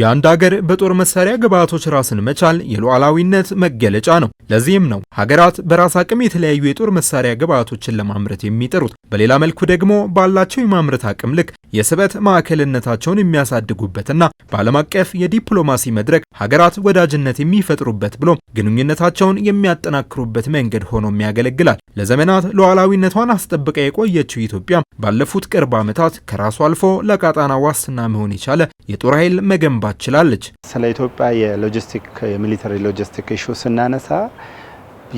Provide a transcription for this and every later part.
የአንድ ሀገር በጦር መሳሪያ ግብዓቶች ራስን መቻል የሉዓላዊነት መገለጫ ነው። ለዚህም ነው ሀገራት በራስ አቅም የተለያዩ የጦር መሳሪያ ግብዓቶችን ለማምረት የሚጥሩት። በሌላ መልኩ ደግሞ ባላቸው የማምረት አቅም ልክ የስበት ማዕከልነታቸውን የሚያሳድጉበትና በዓለም አቀፍ የዲፕሎማሲ መድረክ ሀገራት ወዳጅነት የሚፈጥሩበት ብሎ ግንኙነታቸውን የሚያጠናክሩበት መንገድ ሆኖም ያገለግላል። ለዘመናት ሉዓላዊነቷን አስጠብቃ የቆየችው ኢትዮጵያ ባለፉት ቅርብ ዓመታት ከራሱ አልፎ ለቀጣና ዋስትና መሆን የቻለ የጦር ኃይል መገንባት ማስገባት ችላለች። ስለ ኢትዮጵያ የሎጂስቲክ የሚሊተሪ ሎጂስቲክ ኢሹ ስናነሳ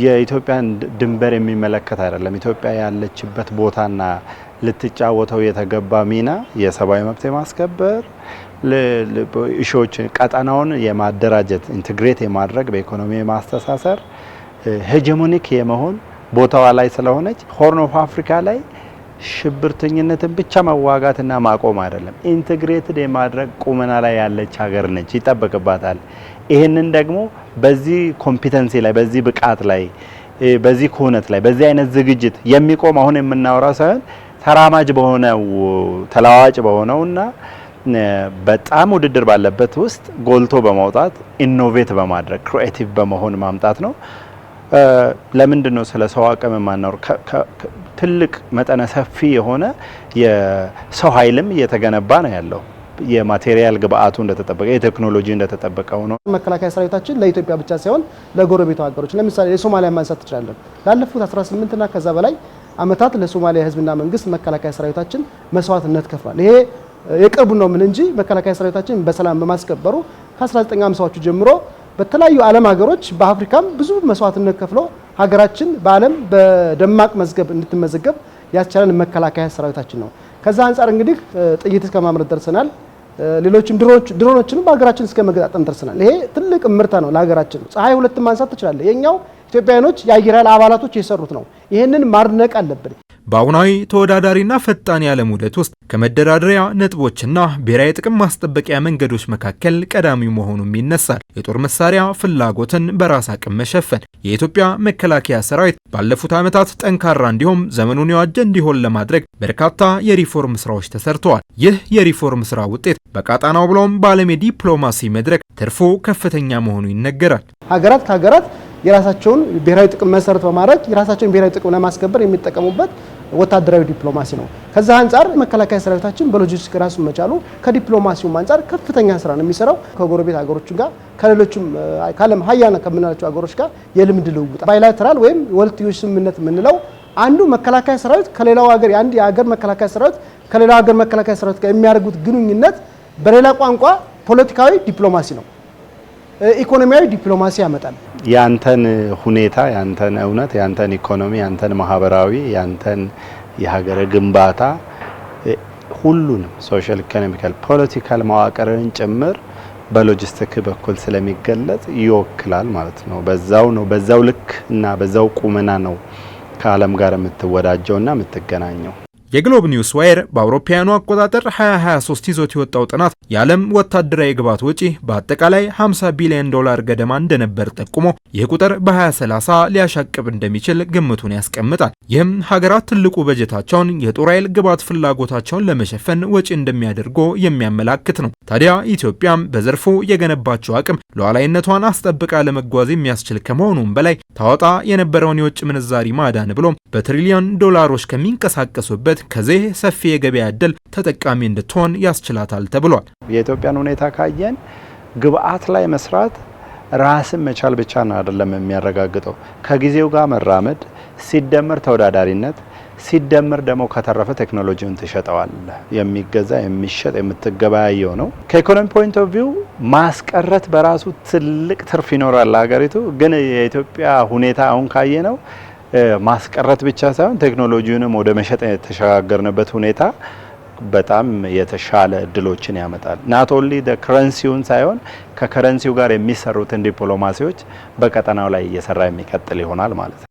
የኢትዮጵያን ድንበር የሚመለከት አይደለም። ኢትዮጵያ ያለችበት ቦታና ልትጫወተው የተገባ ሚና የሰብአዊ መብት የማስከበር እሾዎችን ቀጠናውን የማደራጀት ኢንትግሬት የማድረግ በኢኮኖሚ የማስተሳሰር ሄጀሞኒክ የመሆን ቦታዋ ላይ ስለሆነች ሆርን ኦፍ አፍሪካ ላይ ሽብርተኝነትን ብቻ መዋጋትና ማቆም አይደለም፣ ኢንትግሬትድ የማድረግ ቁመና ላይ ያለች ሀገር ነች፣ ይጠበቅባታል። ይህንን ደግሞ በዚህ ኮምፒተንሲ ላይ፣ በዚህ ብቃት ላይ፣ በዚህ ክሁነት ላይ፣ በዚህ አይነት ዝግጅት የሚቆም አሁን የምናወራው ሳይሆን ተራማጅ በሆነው ተለዋዋጭ በሆነውና በጣም ውድድር ባለበት ውስጥ ጎልቶ በማውጣት ኢኖቬት በማድረግ ክሪኤቲቭ በመሆን ማምጣት ነው። ለምንድን ነው ስለ ሰው አቅም የማናወራው? ትልቅ መጠነ ሰፊ የሆነ የሰው ኃይልም እየተገነባ ነው ያለው። የማቴሪያል ግብአቱ እንደተጠበቀ የቴክኖሎጂ እንደተጠበቀ ነው። መከላከያ ሰራዊታችን ለኢትዮጵያ ብቻ ሳይሆን ለጎረቤቱ ሀገሮች ለምሳሌ የሶማሊያ ማንሳት ትችላለን። ላለፉት 18ና ከዛ በላይ አመታት ለሶማሊያ ህዝብና መንግስት መከላከያ ሰራዊታችን መስዋዕትነት ከፍሏል። ይሄ የቅርቡ ነው ምን እንጂ መከላከያ ሰራዊታችን በሰላም በማስከበሩ ከ1950ዎቹ ጀምሮ በተለያዩ ዓለም ሀገሮች በአፍሪካም ብዙ መስዋዕትነት ከፍለው ሀገራችን በዓለም በደማቅ መዝገብ እንድትመዘገብ ያስቻለን መከላከያ ሰራዊታችን ነው። ከዛ አንጻር እንግዲህ ጥይት እስከ ማምረት ደርሰናል። ሌሎችም ድሮኖችንም በሀገራችን እስከ መገጣጠም ደርሰናል። ይሄ ትልቅ ምርታ ነው ለሀገራችን። ፀሐይ ሁለት ማንሳት ትችላለህ። የኛው ኢትዮጵያውያኖች የአየር ኃይል አባላቶች የሰሩት ነው። ይህንን ማድነቅ አለብን። በአሁናዊ ተወዳዳሪና ፈጣን የዓለም ዑደት ውስጥ ከመደራደሪያ ነጥቦችና ብሔራዊ ጥቅም ማስጠበቂያ መንገዶች መካከል ቀዳሚው መሆኑም ይነሳል። የጦር መሳሪያ ፍላጎትን በራስ አቅም መሸፈን የኢትዮጵያ መከላከያ ሰራዊት ባለፉት ዓመታት ጠንካራ እንዲሁም ዘመኑን የዋጀ እንዲሆን ለማድረግ በርካታ የሪፎርም ስራዎች ተሰርተዋል። ይህ የሪፎርም ስራ ውጤት በቀጣናው ብሎም በዓለም የዲፕሎማሲ መድረክ ትርፉ ከፍተኛ መሆኑ ይነገራል። ሀገራት ከሀገራት የራሳቸውን ብሔራዊ ጥቅም መሰረት በማድረግ የራሳቸውን ብሔራዊ ጥቅም ለማስከበር የሚጠቀሙበት ወታደራዊ ዲፕሎማሲ ነው። ከዛ አንጻር መከላከያ ሰራዊታችን በሎጂስቲክ ራሱ መቻሉ ከዲፕሎማሲውም አንጻር ከፍተኛ ስራ ነው የሚሰራው ከጎረቤት ሀገሮች ጋር ከሌሎችም ከዓለም ሀያና ከምናላቸው ሀገሮች ጋር የልምድ ልውውጥ ባይላተራል ወይም ወልትዮች ስምምነት የምንለው አንዱ መከላከያ ሰራዊት ከሌላው ሀገር የአንድ የሀገር መከላከያ ሰራዊት ከሌላው ሀገር መከላከያ ሰራዊት ጋር የሚያደርጉት ግንኙነት በሌላ ቋንቋ ፖለቲካዊ ዲፕሎማሲ ነው። ኢኮኖሚያዊ ዲፕሎማሲ ያመጣል። ያንተን ሁኔታ፣ ያንተን እውነት፣ ያንተን ኢኮኖሚ፣ ያንተን ማህበራዊ፣ ያንተን የሀገረ ግንባታ ሁሉንም ሶሻል፣ ኢኮኖሚካል፣ ፖለቲካል መዋቅርን ጭምር በሎጂስቲክ በኩል ስለሚገለጽ ይወክላል ማለት ነው። በዛው ነው በዛው ልክ እና በዛው ቁመና ነው ከዓለም ጋር የምትወዳጀውና የምትገናኘው። የግሎብ ኒውስ ዋየር በአውሮፓውያኑ አቆጣጠር 2023 ይዞት የወጣው ጥናት የዓለም ወታደራዊ ግብዓት ወጪ በአጠቃላይ 50 ቢሊዮን ዶላር ገደማ እንደነበር ጠቁሞ ይህ ቁጥር በ2030 ሊያሻቅብ እንደሚችል ግምቱን ያስቀምጣል። ይህም ሀገራት ትልቁ በጀታቸውን የጦር ኃይል ግብዓት ፍላጎታቸውን ለመሸፈን ወጪ እንደሚያደርጉ የሚያመላክት ነው። ታዲያ ኢትዮጵያም በዘርፉ የገነባቸው አቅም ሉዓላዊነቷን አስጠብቃ ለመጓዝ የሚያስችል ከመሆኑም በላይ ታወጣ የነበረውን የውጭ ምንዛሪ ማዳን ብሎም በትሪሊዮን ዶላሮች ከሚንቀሳቀሱበት በማለት ከዚህ ሰፊ የገበያ እድል ተጠቃሚ እንድትሆን ያስችላታል ተብሏል። የኢትዮጵያን ሁኔታ ካየን ግብአት ላይ መስራት ራስን መቻል ብቻ ነው አይደለም የሚያረጋግጠው። ከጊዜው ጋር መራመድ ሲደመር ተወዳዳሪነት ሲደመር ደግሞ ከተረፈ ቴክኖሎጂውን ትሸጠዋል። የሚገዛ የሚሸጥ የምትገበያየው ነው። ከኢኮኖሚ ፖይንት ኦፍ ቪው ማስቀረት በራሱ ትልቅ ትርፍ ይኖራል ሀገሪቱ። ግን የኢትዮጵያ ሁኔታ አሁን ካየ ነው ማስቀረት ብቻ ሳይሆን ቴክኖሎጂውንም ወደ መሸጥ የተሸጋገርንበት ሁኔታ በጣም የተሻለ እድሎችን ያመጣል። ናት ኦንሊ ከረንሲውን ሳይሆን ከከረንሲው ጋር የሚሰሩትን ዲፕሎማሲዎች በቀጠናው ላይ እየሰራ የሚቀጥል ይሆናል ማለት ነው።